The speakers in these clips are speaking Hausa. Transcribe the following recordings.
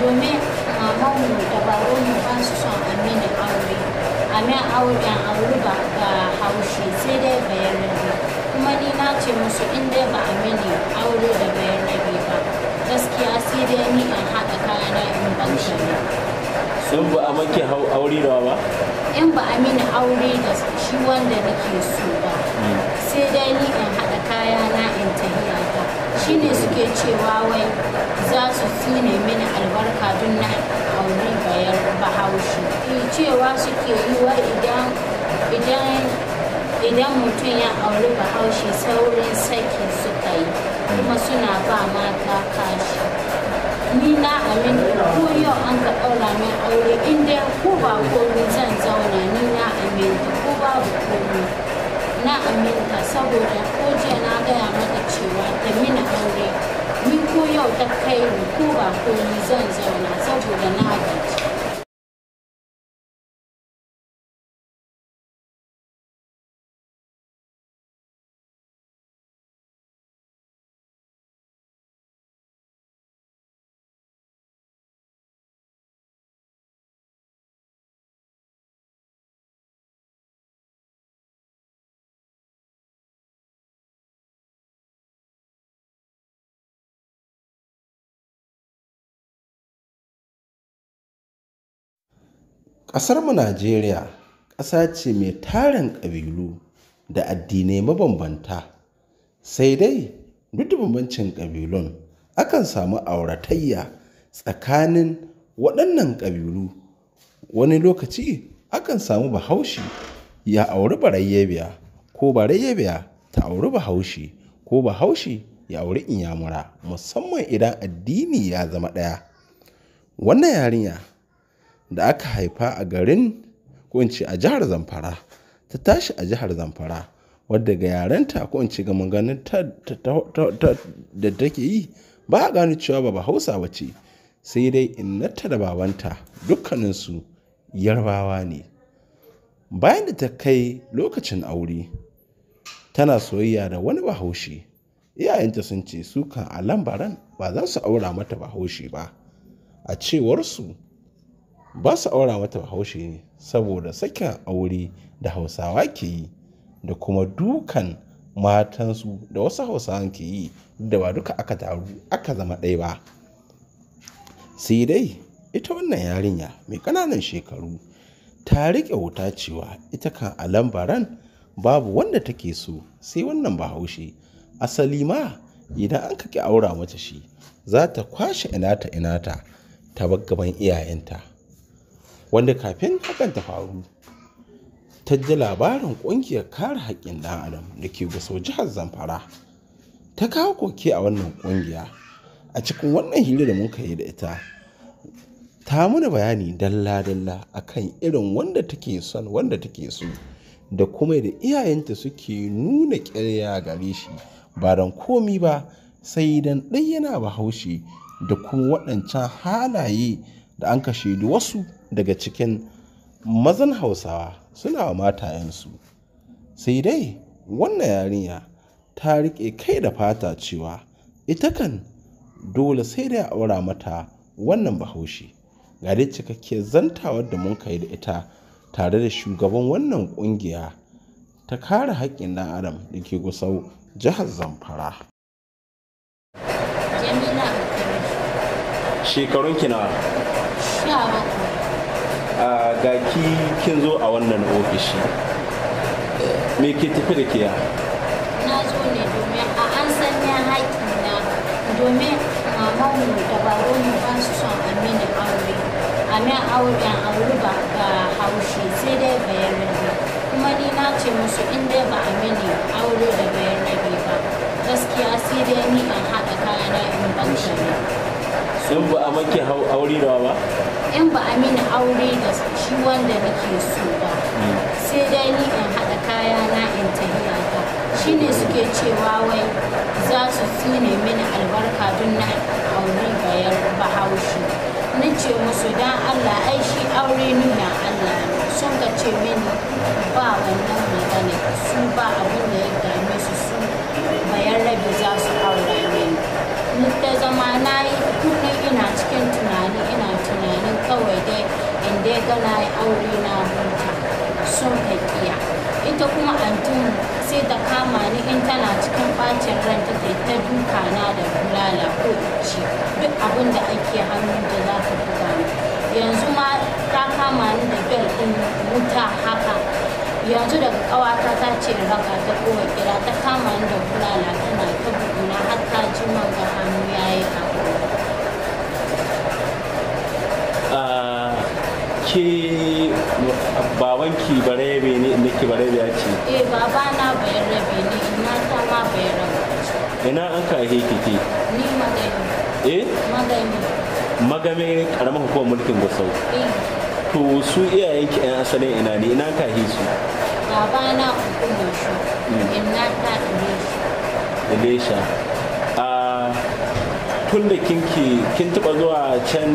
domin ah, mamanmu dabarun babanmu ba su son amini aure amin auren aure ba ga haushe sai dai bayan rabi kuma ni na ce musu in dai ba amini aure da bayan rabi ba gaskiya sai dai ni in haɗa kayana in bauchi sun ba a maki aure da ba in ba amini aure da shi wanda nake so ba sai dai ni in haɗa kayana in tahiya ta shine suke cewa wai za su tsine mini albarka don na auri bayan bahaushe eh, cewa suke yi wa idan mutum ya auri bahaushe saurin saki suka yi kuma suna ba mata kashi ni na aminta ko yau an ka ɗaura min aure inda ko ba komi zan zauna ni na aminta ko ba komi na aminta saboda ko jiya na gaya mata cewa da mini aure ko yau ta kai ko ba ko zan zauna saboda na gaji Ƙasarmu Najeriya ƙasa ce mai tarin ƙabilu da addinai mabambanta, sai dai duk bambancin ƙabilun, akan samu auratayya tsakanin waɗannan ƙabilu. Wani lokaci akan samu Bahaushe ya auri barayyabiya ko barayyabiya ta auri Bahaushe ko Bahaushe ya auri Inyamura musamman idan addini ya zama ɗaya. Wannan yarinya da aka haifa a garin ko a jihar Zamfara ta tashi a jihar Zamfara wadda ga yarenta ko in ce ga maganin da take yi ba a gano cewa ba Hausa ba ce sai dai innata da babanta dukkaninsu yarbawa ne bayan da ta kai lokacin aure tana soyayya da wani bahaushe iyayenta sun ce su kan a lambaran ba za su aura mata bahaushe ba a cewarsu ba su aura wata bahaushe ne saboda sakin aure da hausawa ke yi da kuma dukan matansu da wasu hausawan ke yi da ba duka aka taru aka zama ɗaya ba sai dai ita wannan yarinya mai ƙananan shekaru ta riƙe wuta cewa ita kan alambaran babu wanda take so sai wannan bahaushe asali ma idan an kake aura mata shi za ta kwashe inata inata ta gaban iyayenta wanda kafin hakan ta faru ta ji labarin ƙungiyar kare haƙƙin ɗan adam da ke gusau jihar zamfara ta kawo koke a wannan ƙungiya a cikin wannan hira da muka yi da ita ta mana bayani dalla-dalla akan irin wanda take son wanda take so da kuma da iyayenta suke nuna ƙirya gare shi ba don komi ba sai dan ɗayyana yana bahaushe da kuma waɗancan halaye da an kashe wasu daga cikin mazan Hausawa suna wa matayensu. Sai dai wannan yarinya ta riƙe kai da fata cewa ita kan dole sai dai a aura mata wannan bahaushe. Ga dai cikakkiyar zantawar da mun kai da ita tare da shugaban wannan ƙungiya ta kare haƙƙin ɗan adam da ke Gusau jihar Zamfara. shekarunki Shekarun kina ga kin zo a wannan ofishi me ke tafi da ke na zo ne domin a an sanya haƙi na domin mamanmu da babanmu ba su son amini aure a auren aure ba ga haushe sai dai bayan rabi kuma ni na ce musu in dai ba amini aure da bayan rabi ba gaskiya sai dai ni an haɗa kayana in ban in ba a maki aure da ba in ba a mini aure da shi wanda nake so ba sai dai ni in haɗa kaya na in tafiya ta ne suke cewa wai za su tsine mini albarka don na aure bayar bahaushe na ce musu dan Allah ai shi aure nuna Allah sun ka ce mini ba wannan magana su ba abin da ya dame su su bayan rabi za su ina cikin tunani ina tunanin kawai dai in dai gana aure na huta sun kakiya ita kuma antin sai ta kama ni in tana cikin bacin ran ta kai ta duka na da bulala ko ci duk abin da ake hannun da za ta buga yanzu ma ta kama ni da bel ɗin wuta haka yanzu daga kawata ta ce raka ta kowa kira ta kama ni da bulala tana ta buguna har ta ji man ga hannu yi abu ke babanki barebe ne inda ke barebe ya ce eh baba na barebe ne ina ta ma barebe ina an ka he kike ni magani eh magami. magame karamar hukumar mulkin gusau eh. to su iyayenki yan asalin ina ne ina ka he su baba na hukumar shi mm. ina ta ilesha a ah, tun da kinki kin taba zuwa can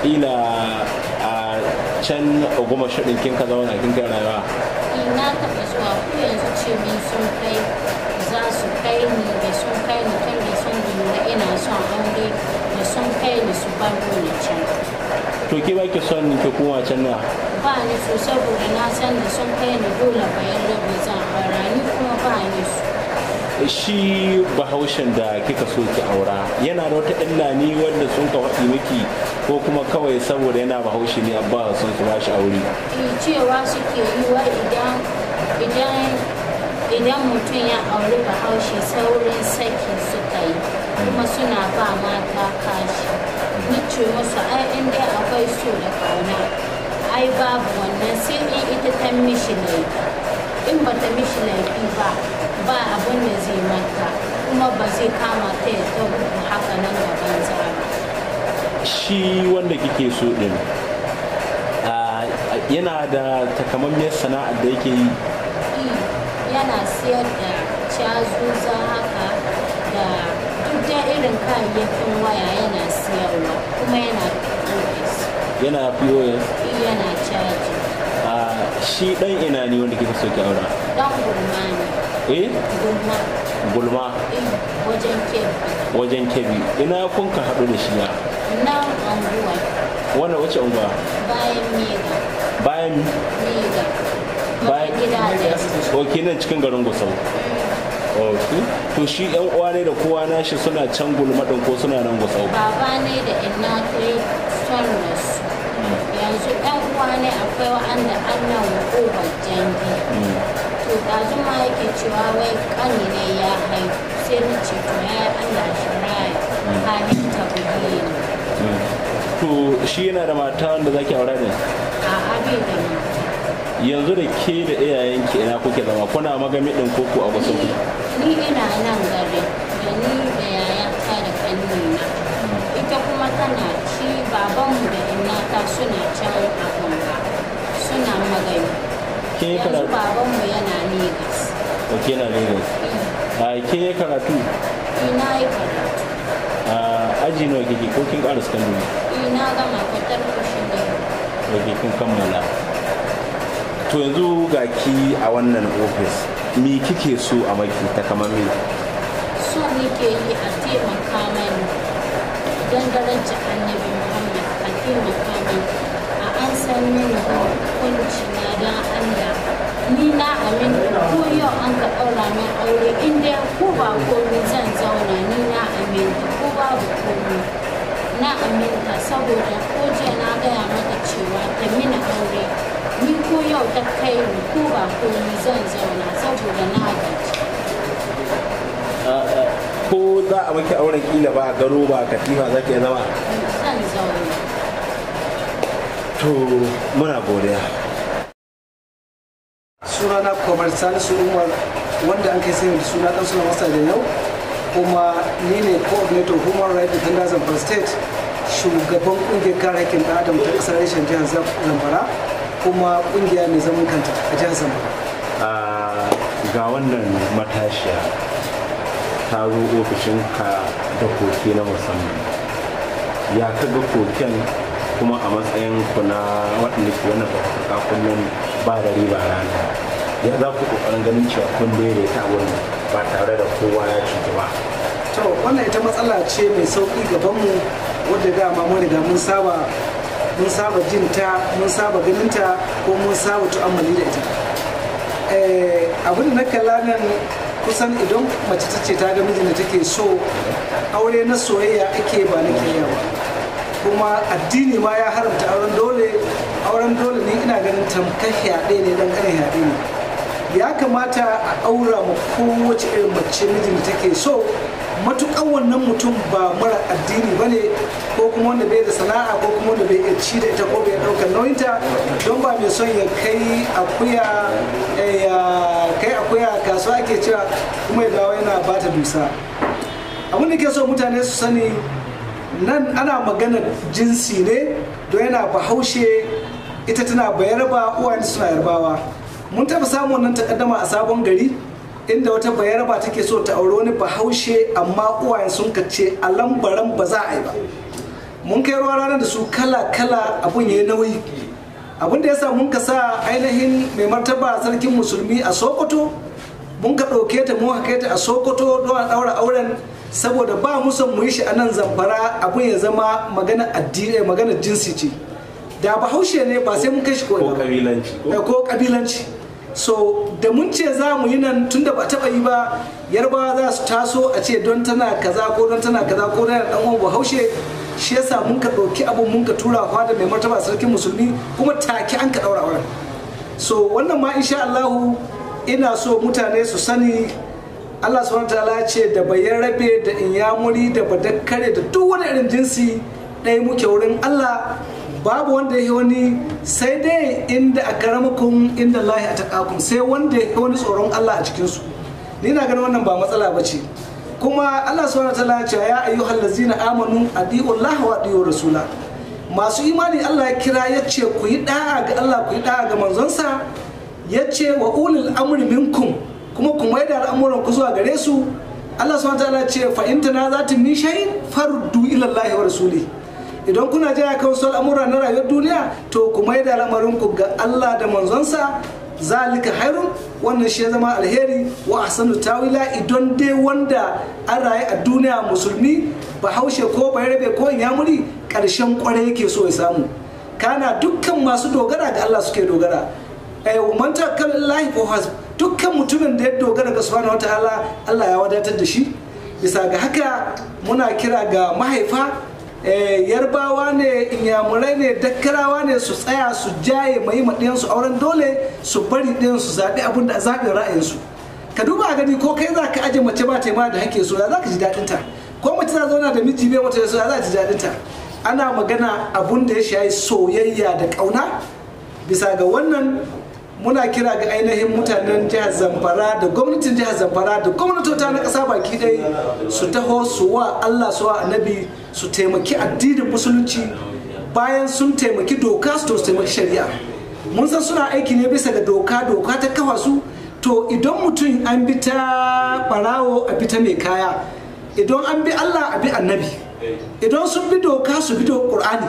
kila can goma shi ɗin kin ka zauna kin kai rayuwa eh, na taɓa zuwa ko yanzu ce min sun kai za su kai ni da sun kai ni tun da sun da ina son aure da sun kai ni su ba ko ni can to ke baki son ni ke kuma can na ba ni so saboda na san da sun kai ni dole bayan rabi zan fara ni kuma ba ni so shi bahaushen da kika so ki aura yana da wata illa ne wanda sun ka miki ko kuma kawai saboda yana bahaushe ne abba son su bashi aure eh, cewa suke yiwa idan idan idan mutum ya auri bahaushe saurin saki suka yi kuma suna ba mata kashi nace musu ai in akwai so da kauna ai babu wannan sai in ita ta mishi laifi in ba ta mishi laifi ba ba abin da zai mata kuma ba zai kama ta ya haka nan gaban zara shi wanda kike so din yana da takamammiyar sana'ar da yake yi hmm, yana siyar da cazuza haka da duk da irin kayayyakin waya yana siyarwa kuma yana pos yana pos yana caji shi dan ina ne wanda kika so ki aura dan gulma ne eh gulma gulma eh, wajen kebi wajen kebi ina kun ka haɗu da shi ya nan wannan wace unguwa bayan mega bayan mega bayan gidaje ok nan cikin garin gusau ok to shi yan uwa ne da kowa na shi suna can gulmadin ko suna nan gusau baba ne da ina kai hmm. yanzu yan uwa ne akwai wa'anda an nan ba jangi hmm. to ɗazu ma yake cewa wai kani ne ya haihu sai na ce to ya yi allah shi raya kanin hmm. ta bugi ne to shi yana da mata wanda zaki aure ne yanzu da ke da iyayen ki ina kuke zama kuna magami din koko a wasu ku ni ina nan gari da ni da yaya ta da kanni ita kuma tana ci babanmu da ina ta suna can a gamba suna magami yanzu babanmu yana Legas ke na ne a ke karatu ina yi karatu aji nawa kike ko kin ƙara sakandare eh, na gama kwatar kushin da yake kin kammala to yanzu ga ki a wannan ofis mi kike so a maki ta kamar me so ke yi a taimaka mani ci annabi muhammad a taimaka mani a an san mini hukunci na don allah ni na amin ko yau an ka ɗaura min aure inda ko ba komi zan zauna ni na amin ko babu komi na aminta saboda ko jiya na gaya mata cewa ta mina aure ni ko yau ta kai ni ko ba komi zan zauna saboda na gaji uh, uh, ko za a maki auren kila ba garo ba katifa za ke zama zan zauna to muna godiya suna na kwamar salisu umar wanda an kai sani suna dan suna masa da yau kuma ni ne coordinator human rights tanda and state shugaban kungiyar kare hakkin ɗan adam ta ƙasar reshen jihar zamfara kuma kungiya mai zaman kanta a jihar zamfara ga wannan matashiya ta zo ofishin ka da koke na musamman ya kaga koken kuma a matsayin ku na waɗanda ke wannan ba kullum ba da riba rana ya za ku kokarin ganin cewa kun daidaita wannan ba tare da kowa ya cutu ba to wannan ita matsala ce mai sauki gabanmu wadda dama mun riga mun saba mun saba jin ta mun saba ganin ta ko mun saba tu'ammali da ita eh, abin na kalla nan kusan idan mace ta ce ta ga mijin da take so aure na soyayya ake ba na kiyaya ba kuma addini ma ya haramta auren dole auren dole ne ina ganin tamkar yaɗe ne don kanin fyaɗe ne ya kamata a aura ma kowace irin mace mijin da take so matukan wannan mutum ba mara addini ba ne ko kuma wanda bai da sana'a ko kuma wanda bai ci da ita ko bai ɗaukar nauyinta don ba mai son ya kai akuya eh, kai akuya kasuwa ake cewa kuma ya dawo yana ba ta dusa abin da ke so mutane su sani nan ana maganar jinsi ne don yana bahaushe ita tana bayarba uwayen suna yarbawa mun taɓa samun wannan takaddama a sabon gari inda wata bayarba take so ta auri wani bahaushe amma uwayen sun kace a lambaran ba za a yi ba mun kai ruwa ranar da su kala kala abun yayi nauyi abun da yasa mun ka sa ainihin mai martaba sarkin musulmi a sokoto mun ka ɗauke ta mun kai ta a sokoto don a ɗaura auren saboda ba mu son mu yi shi a nan zamfara abin ya zama magana addini magana jinsi ce da bahaushe ne ba sai mun kai shi ko kabilanci eh, ko kabilanci so da mun ce za mu yi nan tunda ba taba yi ba yarbawa za su taso a ce don tana kaza ko don tana kaza ko na dan uwan bahaushe shi yasa mun ka ɗauki abun mun ka tura fa da mai martaba sarkin musulmi kuma take an ka ɗaura auren so wannan ma insha Allahu ina so mutane su sani Allah subhanahu ta'ala ya ce da bayan rabe da inyamuri da badakkare da duk wani irin jinsi ɗaya muke wurin Allah babu wanda ya wani sai dai inda a karamakon inda lahi a takakun sai wanda ya wani tsoron Allah a cikinsu ni na gani wannan ba matsala ba ce kuma Allah subhanahu wataala ya ce ya ayyuhal ladzina amanu adiullaha wa adiur rasula masu imani Allah ya kira ya ce ku yi da'a ga Allah ku yi da'a ga manzonsa ya ce wa ulil amri minkum kuma ku da al'amuran ku zuwa gare su Allah subhanahu wataala ya ce fa in tanazatu min shay'in wa rasulihi idan kuna jaya kan sol al'amura na rayuwar duniya to ku mai da lamarin ku ga Allah da manzonsa zalika hairun wannan shi ya zama alheri wa asanu tawila idan dai wanda an raye a duniya musulmi bahaushe ko rabe ko ya muri. karshen kwarai yake so ya samu kana dukkan masu dogara ga Allah suke dogara eh man takkal lillahi fa dukkan mutumin da ya dogara ga subhanahu wataala Allah ya wadatar da shi bisa ga haka muna kira ga mahaifa Eh, yarbawa ne inyamurai ne dakkarawa ne su tsaya su jaye mai maɗiyansu auren dole su bari ɗin su zaɓi abin da zaɓin ra'ayinsu ka duba gani ko kai za ka aje mace ba ta ma da hake so za ka ji daɗin ta ko mace za zauna da miji bai wata so za ka ji daɗin ta ana magana abun da ya shayi soyayya da ƙauna bisa ga wannan muna kira ga ainihin mutanen jihar zamfara da gwamnatin jihar zamfara da gwamnatota na ƙasa baki dai su taho su wa allah su wa annabi su taimaki addinin musulunci bayan sun taimaki doka su taimaki shari'a mun san suna aiki ne bisa ga doka doka ta kafa su to idan mutum an bi ta barawo a bi ta mai kaya idan an bi allah a bi annabi idan sun bi doka su bi da ƙur'ani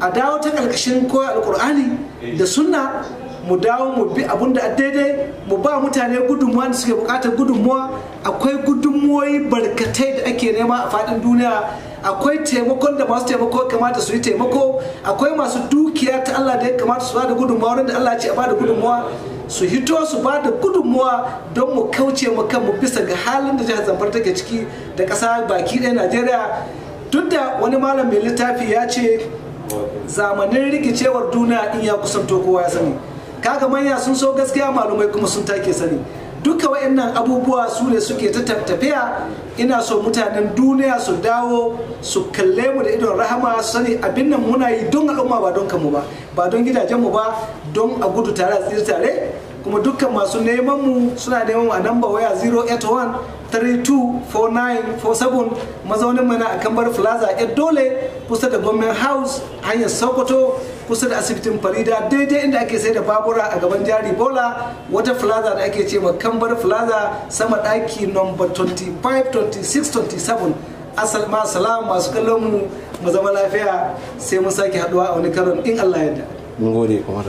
a dawo ta ƙarƙashin koya alƙur'ani da sunna mu dawo mu bi abun da daidai mu ba mutane gudunmuwa da suke bukatar gudunmuwa akwai gudunmuwoyi barkatai da ake nema a faɗin duniya akwai taimakon da masu taimako kamata su yi taimako akwai masu dukiya ta Allah da ya kamata su bada gudunmuwa wurin da Allah ce a bada gudunmuwa su hito su ba da gudunmuwa don mu kauce mu kanmu bisa ga halin da jihar zamfara take ciki da ƙasa baki ɗaya najeriya duk da wani malam mai littafi ya ce zamanin rikicewar duniya in ya kusanto kowa ya sani kaga manya sun so gaskiya malumai kuma sun take sani duka wayannan abubuwa su ne suke ta tafiya ina so mutanen duniya su dawo su kalle mu da idon rahama su sani abin nan muna yi don al'umma ba don kanmu ba ba don gidajenmu ba don a gudu tare a tsiri tare kuma dukkan masu neman mu suna neman mu a namba waya 081-324947 mazaunin mana a kambar plaza ya dole kusa da government house hanyar sokoto kusa da asibitin farida daidai inda ake sai da babura a gaban jari bola wata plaza da ake ce ma kambar plaza sama daki number 25 26 27 asalma salam masu kallon mu mu zama lafiya sai mun sake haduwa a wani karon in allah yadda mun gode kuma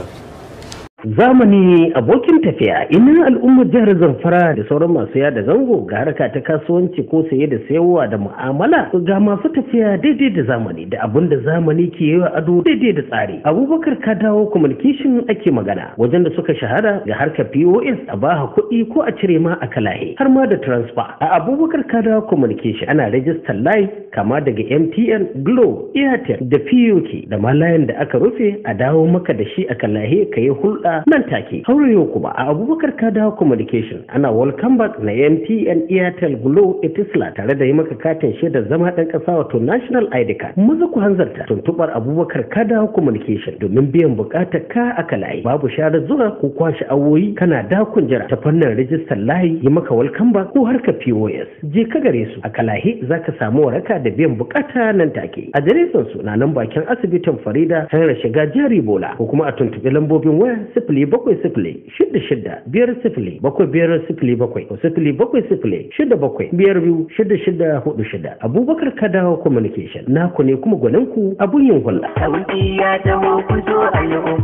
zamani abokin tafiya ina al'ummar jihar zamfara da sauran masu yada zango ga harka ta kasuwanci ko saye da sayarwa da mu'amala ga masu tafiya daidai da zamani da abin da zamani ke yi ado daidai da tsari abubakar ka dawo communication ake magana wajen da suka shahara ga harka pos a baha kuɗi ko a cire ma a kalahe har ma da transfer a abubakar ka dawo communication ana rajistar live kama daga mtn glo airtel da pok da ma da aka rufe a dawo maka da shi a kalahe ka yi hulɗa hulɗa nan take haurayo kuma a abubakar kadawa communication ana welcome back na mtn airtel glo etisla tare da yi maka katin shaidar zama ɗan ƙasa wato national id card maza ku hanzarta tuntuɓar abubakar kadawa communication domin biyan buƙatar ka a layi babu sharar zuwa ko kwashe awoyi kana dakun jira ta fannin rijistar layi yi maka welcome back ko harka pos je ka gare su a kalahi za ka samu waraka da biyan buƙata nan take adireshin su na nan bakin asibitin farida hanyar shiga jari bola ko kuma a tuntuɓi lambobin waya sifili bakwai sifili shida shida biyar sifili bakwai biyar sifili bakwai sifili bakwai sifili shida bakwai biyar biyu shida shida hudu shida abubakar kadawa communication naku ne kuma gwanin ku abun yin hulɗa.